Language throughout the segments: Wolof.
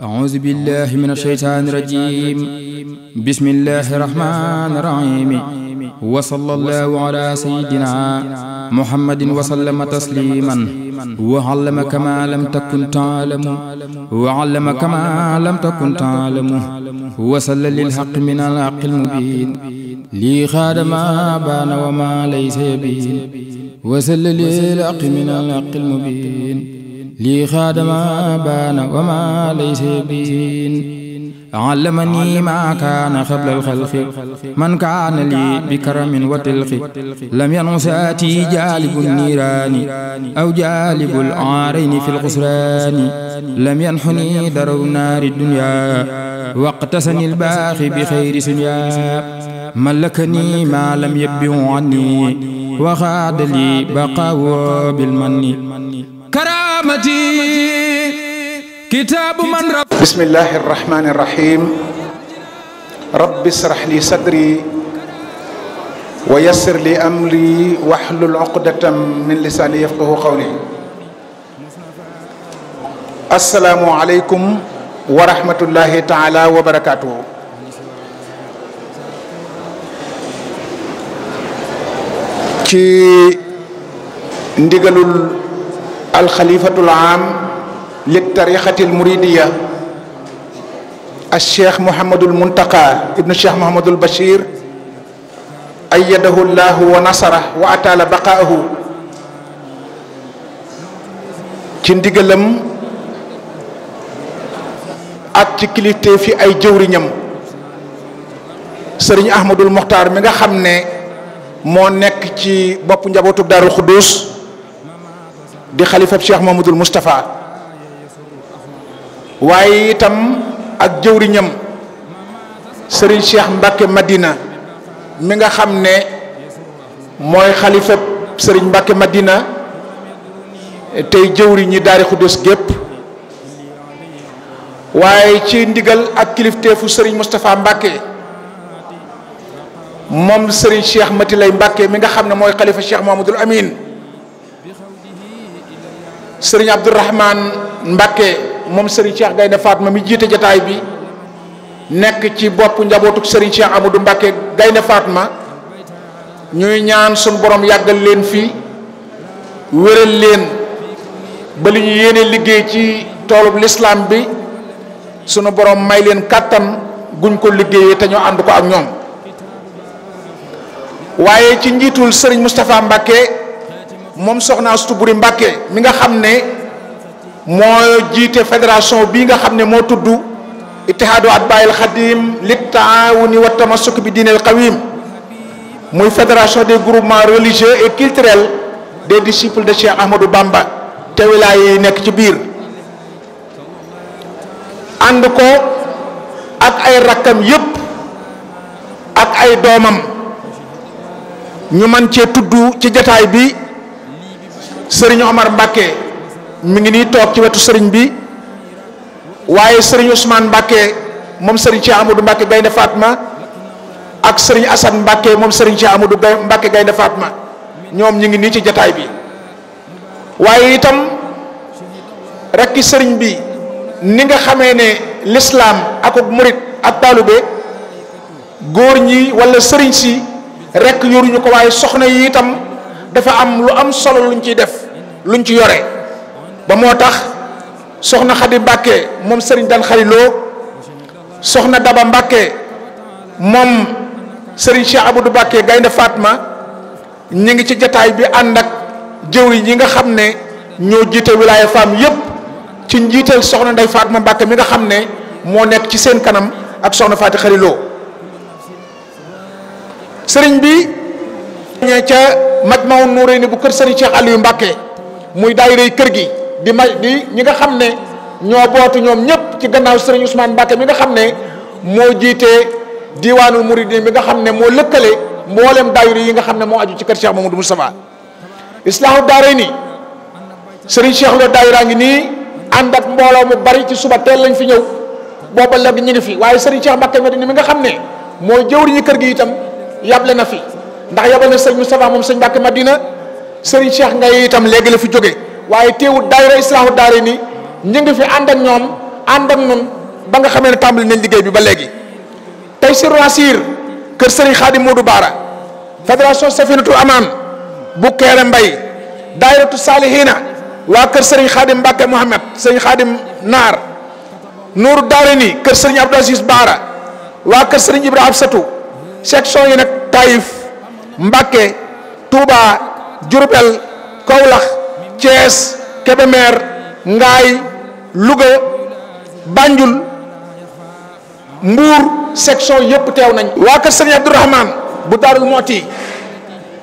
أعوذ بالله من الشيطان الرجيم بسم الله الرحمن الرحيم وصلى الله على سيدنا محمد وسلم تسليما وعلم كما لم تكن تعلم وعلم كما لم تكن تعلم وصل للحق من الحق المبين لي خاد ما بان وما ليس يبين وصل للحق من الحق المبين لي خادم بان وما ليس بين علمني ما كان قبل الخلق من كان لي بكرم وتلق لم ينساتي جالب النيران أو جالب العارين في الخسران لم ينحني درو نار الدنيا واقتسني الباخي بخير سنيا ملكني ما لم يبه عني وخاد لي بقاو بالمن كرامتي كتاب من رب بسم الله الرحمن الرحيم رب اشرح لي صدري ويسر لي أمري واحلل عقدة من لساني يفقه قولي السلام عليكم ورحمة الله تعالى وبركاته ci ndigalul alxalifatul aam li tarixatil muridiya al cheikh Mouhamadul Muntaqa ibnu cheikh Mouhamadul Bachir ayyadahu llahu wa nasara wa ataala baqaahu ci ndigalam ak ci kilifte fi ay jëwriñam sëriñ Ahmadul Moxtaar mi nga xam ne moo nekk ci bopp njabootu Daaru Xuddus di xalifab Cheikh Mamadul Moustapha waaye itam ak jëwriñam sëriñ Cheikh Mbacke Madina mi nga xam ne mooy xalifab sëriñ Mbacke Madina tey jëwriñi daari xudus gépp waaye ci ndigal ak kilifteefu sëriñ Moustapha Mbacke moom sëriñ Cheikh Mati lay Mbacke mi nga xam ne mooy xalifa Cheikh Mamadul Amin sëriñ Abdourahman Mbakke moom sëriñ Cheikh Gaynde Fatma mi jiite jataay bi nekk ci bopp njabootuk sëriñ Cheikh Amadou Mbakke Gaynde Fatma ñuy ñaan sun borom yàggal leen fii wéral leen ba li ñu yéene liggéey ci toolub lislaam bi sunu borom may leen kàttan guñ ko liggéeyee te ñu ànd ko ak ñoom waaye ci njiitul sëriñ Moustapha Mbakke moom soxna Astu Buri Mbàkke mi nga xam ne moo jiite fédération bii nga xam ne moo tudd ittihaadu atbaayil xadim li taawuni wa tamasuk bi diineel qawim muy fédération des groupement religieux et culturels des disciples de Cheikh Ahmadou Bamba te wilaaya nekk ci biir ànd ko ak ay rakkam yépp ak ay doomam ñu man cee tudd ci jataay bi sëriñ Omar Mbacke mi ngi nii toog ci wetu sëriñ bi waaye sëriñ Ousmane Mbacke moom sëriñ Cheikh Amadou Mbacke Gaynde Fatma ak sëriñ Assane Mbacke moom sëriñ Cheikh Amadou Mbacke Gaynde Fatma ñoom ñu ngi nii ci jataay bi waaye itam rekki sëriñ bi ni nga xamee ne lislaam ak murit ak taalube góor ñi walla sëriñ si rekk yoruñu ko waaye soxna yi itam. dafa am lu am solo lu ñu ciy def lu luñ ci yore ba moo tax soxna Xadi Mbàkke moom sëriñ Dan Xari Lo soxna Daba Mbàkke moom sëriñ Cheikh Abdou Mbàkke Gaynde Fatma ñu ngi ci jataay bi ànd ak jëwriñ yi nga xam ne ñoo jiite wilaaya femme yépp ci njiital soxna Ndey ma Mbàkke mi nga xam ne moo nekk ci seen kanam ak soxna Faati Xari Lo sëriñ bi ñee ca Majmahun Nurayni bu kër Serigne Cheikh Aliou Mbacké muy daayirey kër gi di ma di ñi nga xam ne ñoo bootu ñoom ñëpp ci gannaaw Serigne Ousmane Mbacké mi nga xam ne moo jiitee diwaanul muridin mi nga xam ne moo lëkkale mboolem daayira yi nga xam ne moo aju ci kër Cheikh Mamadou Moustapha Islaahu Daarayni Serigne Cheikh Lo daayira ngi nii ànd ak mbooloo bari ci suba teel lañ fi ñëw booba léegi ñu ngi fi waaye Serigne Cheikh Mbacké Madina mi nga xam ne mooy jëwriñu kër gi itam yable na fi ndax yabal na sëñ Moustapha moom sëñ Mbàkke Madina sëriñ Cheikh ngay itam léegi la fi jóge waaye teewul daayira Islaahu daari ni ñu fi ànd ak ñoom ànd ak ñun ba nga xamee ne tàmbali nañ liggéey bi ba léegi tey si Roissir kër sëriñ Xaadim Modou Baara fédération Safinatul Amaan waa kër sëriñ Xaadim Mbàkke Mohamed sëriñ Xaadim Naar Nuuru Daari ni kër sëriñ Abdou Aziz Baara waa kër sëriñ Ibrahima Satou section yi nag Taïf Mbakke Touba Diourbel Kaolack Thiès Kébémer Ngaay Louga Banjul Mbuur section yëpp teew nañ waa kër sëriñ Abdourahman bu Daarul Mooti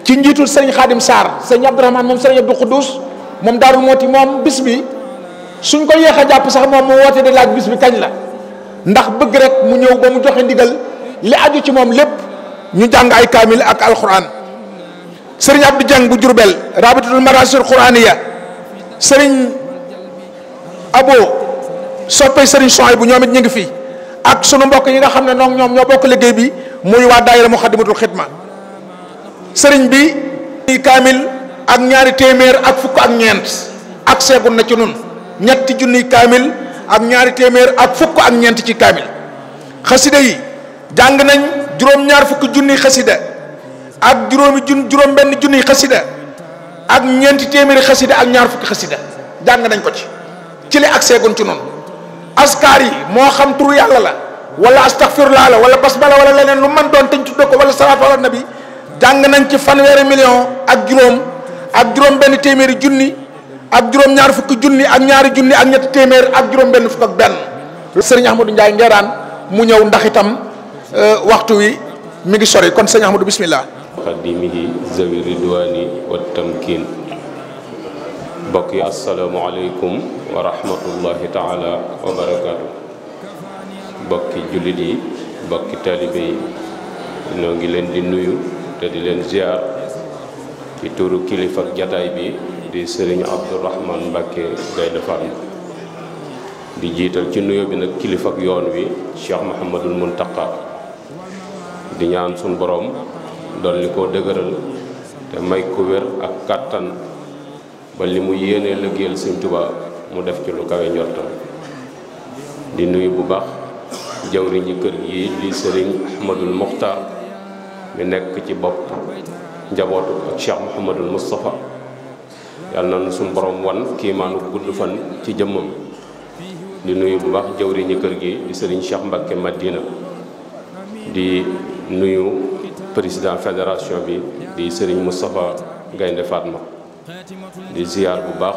ci njiitul sëriñ Xaadim Sarr sëriñ Abdourahman moom sëriñ Abdou Khoudous moom Daarul Mooti moom bis bi suñ ko yéex a jàpp sax moom mu woote di laaj bis bi kañ la ndax bëgg rek mu ñëw ba mu joxe ndigal li aju ci moom lépp ñu jàng ay kaamil ak alquran sëriñ Abdou Dieng bu Jurbel rabitatul marasir quraniya sëriñ abo soppee sëriñ bu ñoom it ñu ngi fii ak sunu mbokk yi nga xam ne noonu ñoom ñoo bokk liggéey bi muy waa daayira muxadimatul xidma sëriñ bi kaamil ak ñaari téeméer ak fukk ak ñeent ak seegun na ci nun ñetti junniy kaamil ak ñaari téeméer ak fukk ak ñeent ci kaamil xasida yi jàng nañ juróom-ñaar fukki junniy xasida ak juróomi jun juróom-benn junniy xasida ak ñeenti téeméeri xasida ak ñaar fukki xasida jàng nañ ko ci ci li ak seegoon ci noonu askar yi moo xam tur yàlla la wala astaghfirullah la wala basmala wala leneen lu man doon teñ tudde ko wala salaatu ala nabi jàng nañ ci fanweeri million ak juróom ak juróom-benn téeméeri junni ak juróom-ñaar fukki junni ak ñaari junni ak ñetti téeméer ak juróom-benn fukk ak benn sëriñ Ndiaye Nguerane mu ñëw ndax itam Euh, waxtu wi mu ngi sori kon sëñ Ahmadou bismillah xadimihi zawi ridwani wa tamkin mbokk yi asalaamualeykum wa rahmatullahi wa barakaatu mbokki jullit yi mbokki taalibe yi noo ngi leen di nuyu te di leen ziar ci turu kilifa ak jataay bi di sëriñ Abdourahman Mbacke Gaynde Fatma di jiital ci nuyo bi nag kilifa ak yoon wi Cheikh Mouhamadul Mountakha di ñaan suñu boroom dolli ko dëgëral te may ko wér ak kàttan ba li mu yéenee liggéeyal Sëñ Tuubaa mu def ci lu kawe njortam di nuyu bu baax jawriñ yi kër gi di sëriñ Ahmadul Muxtaar mi nekk ci bopp njabootu ak Cheikh Mouhamadul Moustapha yal na suñu borom wan kiimaanu gudd fan ci jëmmam di nuyu bu baax jawriñu kër gi di sëriñ Cheikh Mbacké Madina di nuyu président fédération bi di sëriñ Moustapha Gaynde Fatma di ziar bu baax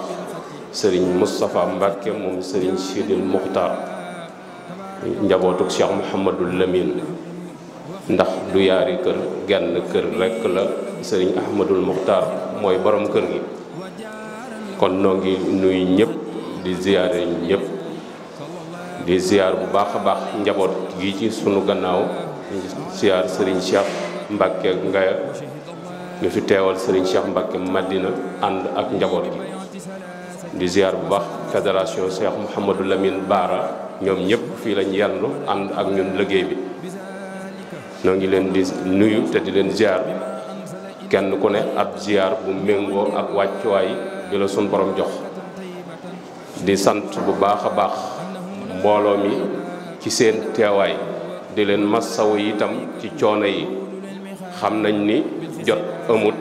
sëriñ Moustapha Mbacke moom sëriñ Sidil Muxtaar njabootuk Cheikh Mouhamadul Lamine ndax du yaari kër genn kër rekk la sëriñ Ahmadul Muxtaar mooy borom kër gi kon noo ngi nuyu ñëpp di ziare ñëpp di ziar bu baax a baax njaboot gi ci sunu gannaaw ñu ngi siyaar Serigne Cheikh Mbacke Ngaya nga fi teewal Serigne Cheikh Mbacke Madina ànd ak njaboot gi di ziar bu baax fédération Cheikh Mouhamadou Lamine Baara ñoom ñëpp fii lañ yendu ànd ak ñun liggéey bi noo ngi leen di nuyu te di leen ziar kenn ku ne ab ziar bu méngoo ak wàccuwaay bi la suñ borom jox di sant bu baax a baax mbooloo mi ci seen teewaay di leen massawu itam ci coono yi xam nañ ni jot amut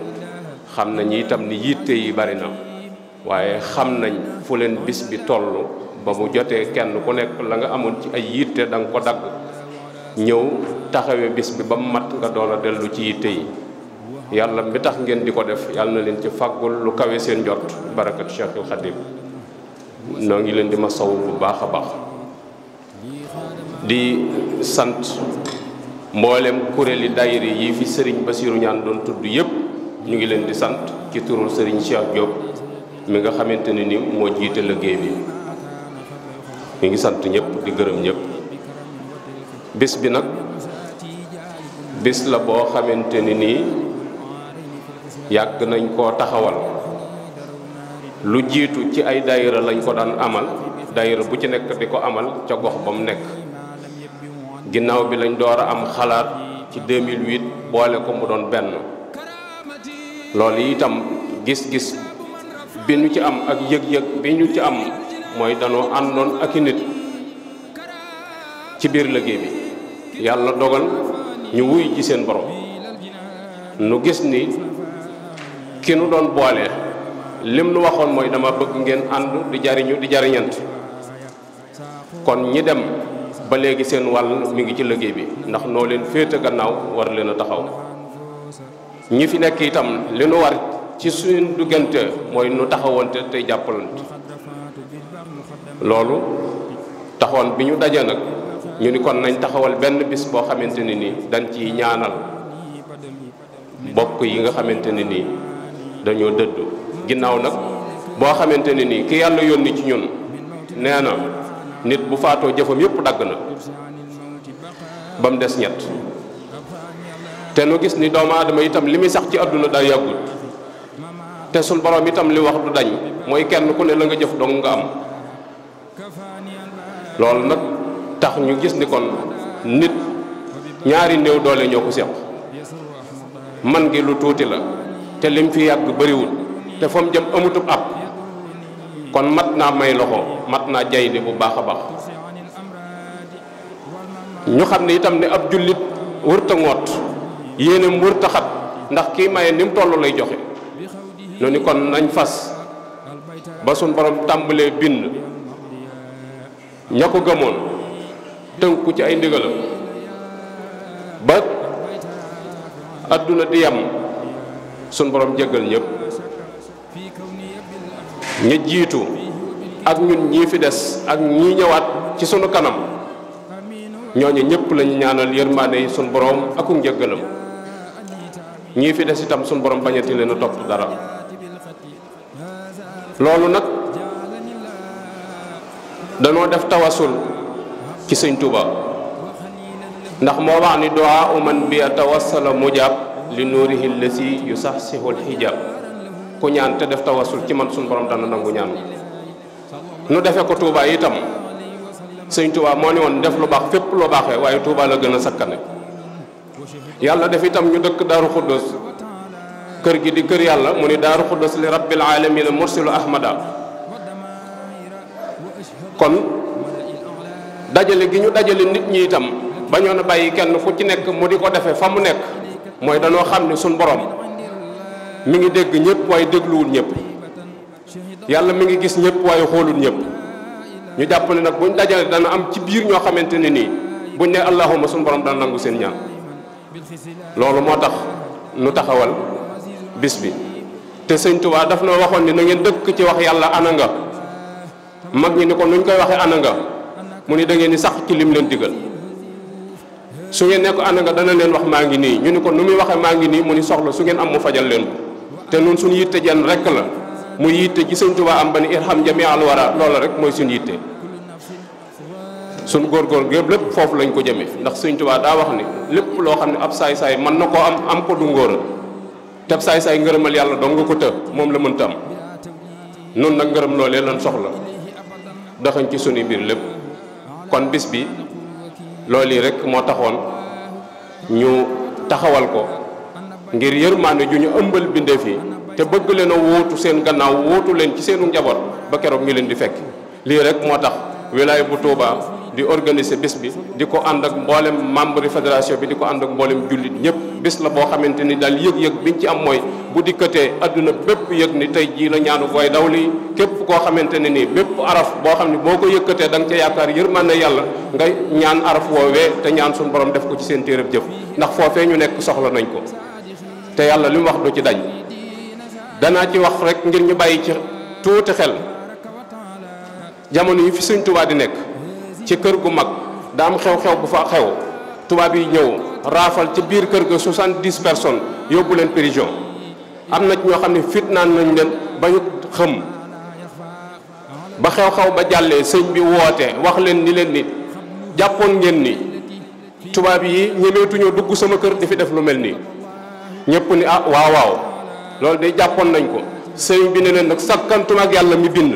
xam nañ itam ni yitte yi bari na waaye xam nañ fu leen bis bi toll ba bu jotee kenn ku nekk la nga amoon ci ay yitte da ko dagg ñëw taxawee bis bi ba mu mat nga doon a dellu ci yitte yi yàlla mi tax ngeen di ko def yàlla na leen ci fàggul lu kawe seen jot barakat Cheikhul Khadim noo ngi leen di ma saw bu baax a baax di sant mboolem kuréeli daayira yi fi sëriñ Basiiru ñaan doon tudd yëpp ñu ngi leen di sant ci turu sëriñ Cheikh Diop mi nga xamante ne ni moo jiite liggéey bi mu ngi sant ñëpp di gërëm ñëpp bis bi nag bés la boo xamante ni nii yàgg nañ ko taxawal lu jiitu ci ay daayira lañ ko daan amal dayre bu ci nekk di ko amal ca gox ba mu nekk ginnaaw bi lañ door a am xalaat ci 2008 boole ko mu doon benn loolu itam gis-gis bi ñu ci am ak yëg-yëg bi ñu ci am mooy danoo àndoon ak i nit ci biir liggéey bi yàlla dogal ñu wuy ji seen borom nu gis ni ki nu doon boole lim nu waxoon mooy dama bëgg ngeen ànd di jariñu di jariñant kon ñi dem ba léegi seen wàll mi ngi ci liggéey bi ndax noo leen féete gannaaw war leen a taxaw ñi fi nekk itam li nu war ci suñu duggante mooy nu taxawante tey jàppalante loolu taxoon bi ñu daje nag ñu ni kon nañ taxawal benn bis boo xamante ne nii dañ ci ñaanal bokk yi nga xamante ne nii dañoo dëdd ginnaaw nag boo xamante ne ki yàlla yónni ci ñun nee na nit bu faatoo jëfam yépp dagg na ba mu des ñett te nu gis ni doomu aadama itam li muy sax ci àdduna daa yàggul te suñ borom tam li wax du dañ mooy kenn ku ne la nga jëf doo nga am loolu nag tax ñu gis ni kon nit ñaari néew doole ñoo ko seq man gi lu tuuti la te lim fi yàgg bëriwul te fa mu jëm amutub ab kon mat naa may loxo mat naa jaydi bu baax a baax ñu xam ne itam ne ab jullit wërta ngoot yéenam wërta xat ndax kii maye ni mu toll lay joxe ñu ni kon nañ fas ba suñ borom tàmbalee bind ña ko gëmoon tënku ci ay ndigalam ba adduna di yam suñ borom jéggal ñëpp ña jiitu ak ñun ñii fi des ak ñii ñëwaat ci sunu kanam ñooñu ñëpp lañu ñaanal yërmaande yi sunu borom ak njëggalam ñii fi des itam sunu borom bañati leen a topp dara loolu nag danoo def tawasul ci sëñ tuba ndax moo wax ni du'a man bi atawassala mujab li yu lasi yusaxsihul hijab ku ñaan te def tawasul ci man suñu borom dana nangu ñaan nu defe ko Touba itam sëñ Touba moo ni woon def lu baax fépp lu baaxee waaye Touba la gën a sakkane yàlla def itam ñu dëkk Daaru Xuddus kër gi di kër yàlla mu ni Daaru Xuddus li rabbil alamina mursilu ahmada kon dajale gi ñu dajale nit ñi itam bañoon na bàyyi kenn fu ci nekk mu di ko defe fa mu nekk mooy danoo xam ni suñ borom mi ngi dégg ñëpp waaye dégluwul ñëpp yàlla mi ngi gis ñëpp waaye xoolul ñëpp ñu jàpp ne nag buñ dajale dana am ci biir ñoo xamante ne nii buñ ne allahuma suñu borom dana nangu seen ñaan loolu moo tax nu taxawal bis bi te sëñ Tuubaa daf na waxoon ni na ngeen dëkk ci wax yàlla ana nga mag ñu ni ko nuñ koy waxee ana nga mu ni da ngeen di sax ci lim leen digal su ngeen ne ko ana nga dana leen wax maa ngi nii ñu ni ko nu muy waxee maa ngi nii mu ni soxla su am mu fajal leen te nun suñu yitte jan rekk la muy yitte ci sëñ Tuubaa am ba ni irham jami al wara loola rek mooy suñu yitte góor góor gépp lépp foofu lañ ko jëmee ndax sëñ Tuubaa daa wax ni lépp loo xam ne ab saay-saay mën na koo am am ko du ngóora teb saay-saay ngërëmal yàlla dong nga ko të moom la mënta am nun nag ngërëm loolee lan soxla doxañ ci sunu biir lépp kon bis bi loolu yi rek moo taxoon ñu taxawal ko ngir yërmande ju ñu ëmbal bindeef yi te bëgg leen a wóotu seen gannaaw wóotu leen ci seenu njaboot ba keroog ñu leen di fekk lii rek moo tax wilaya bu Touba di organiser bés bi di ko ànd ak mboolem membre fédération bi di ko ànd ak mboolem jullit ñëpp bés la boo xamante ni daal yëg-yëg ñu ci am mooy bu dikkatee àdduna bépp yëg ni tey jii la ñaanu booy daw lii képp koo xamante ne nii bépp araf boo xam ne boo ko yëkkatee da nga ca yaakaar yërmande yàlla nga ñaan araf woowee te ñaan suñu borom def ko ci seen téereb jëf ndax foofee ñu soxla nañ ko te yàlla li wax du ci dañ danaa ci wax rek ngir ñu bàyyi ci tuuti xel jamono yi fi Sëñ Tuubaa di nekk ci kër gu mag daa am xew-xew bu fa xew tubaab yi ñëw raafal ci biir kër ga 70 personnes yóbbu leen prison am na ñoo xam ne fitnaan nañ leen ba ñu xëm ba xew-xew ba jàllee sëñ bi woote wax leen ni leen nit jàppoon ngeen ni tubaab yi ñoo dugg sama kër di fi def lu mel nii ñëpp ni ah waaw waaw loolu de jàppoon nañ ko sëriñ bi ne leen nag sàkkantuma ak yàlla mi bind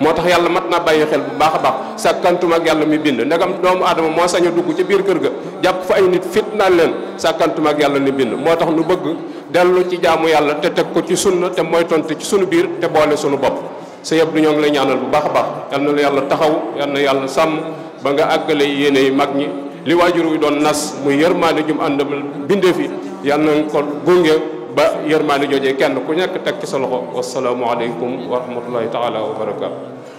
moo tax yàlla mat naa bàyyi xel bu baax a baax sàkkantuma ak yàlla mi bind ndegam doomu aadama moo sañ a dugg ci biir kër ga jàpp fa añ nit fit naan leen sàkkantuma ak yàlla mi bind moo tax nu bëgg dellu ci jaamu yàlla te teg ko ci sunna te mooy tonte ci sunu biir te boole sunu bopp sa yëpp du ñoo ngi lay ñaanal bu baax a baax yal na la yàlla taxaw yal na yàlla sàmm ba nga àggale yéene yi mag ñi li waajur wi doon nas muy yërmaande jum àndam bindee fi yàlla na ko gunge ba yërmaande joojee kenn ku nekk teg ci sa loxo wasalaamualeykum wa rahmatullahi taala wa barakaatu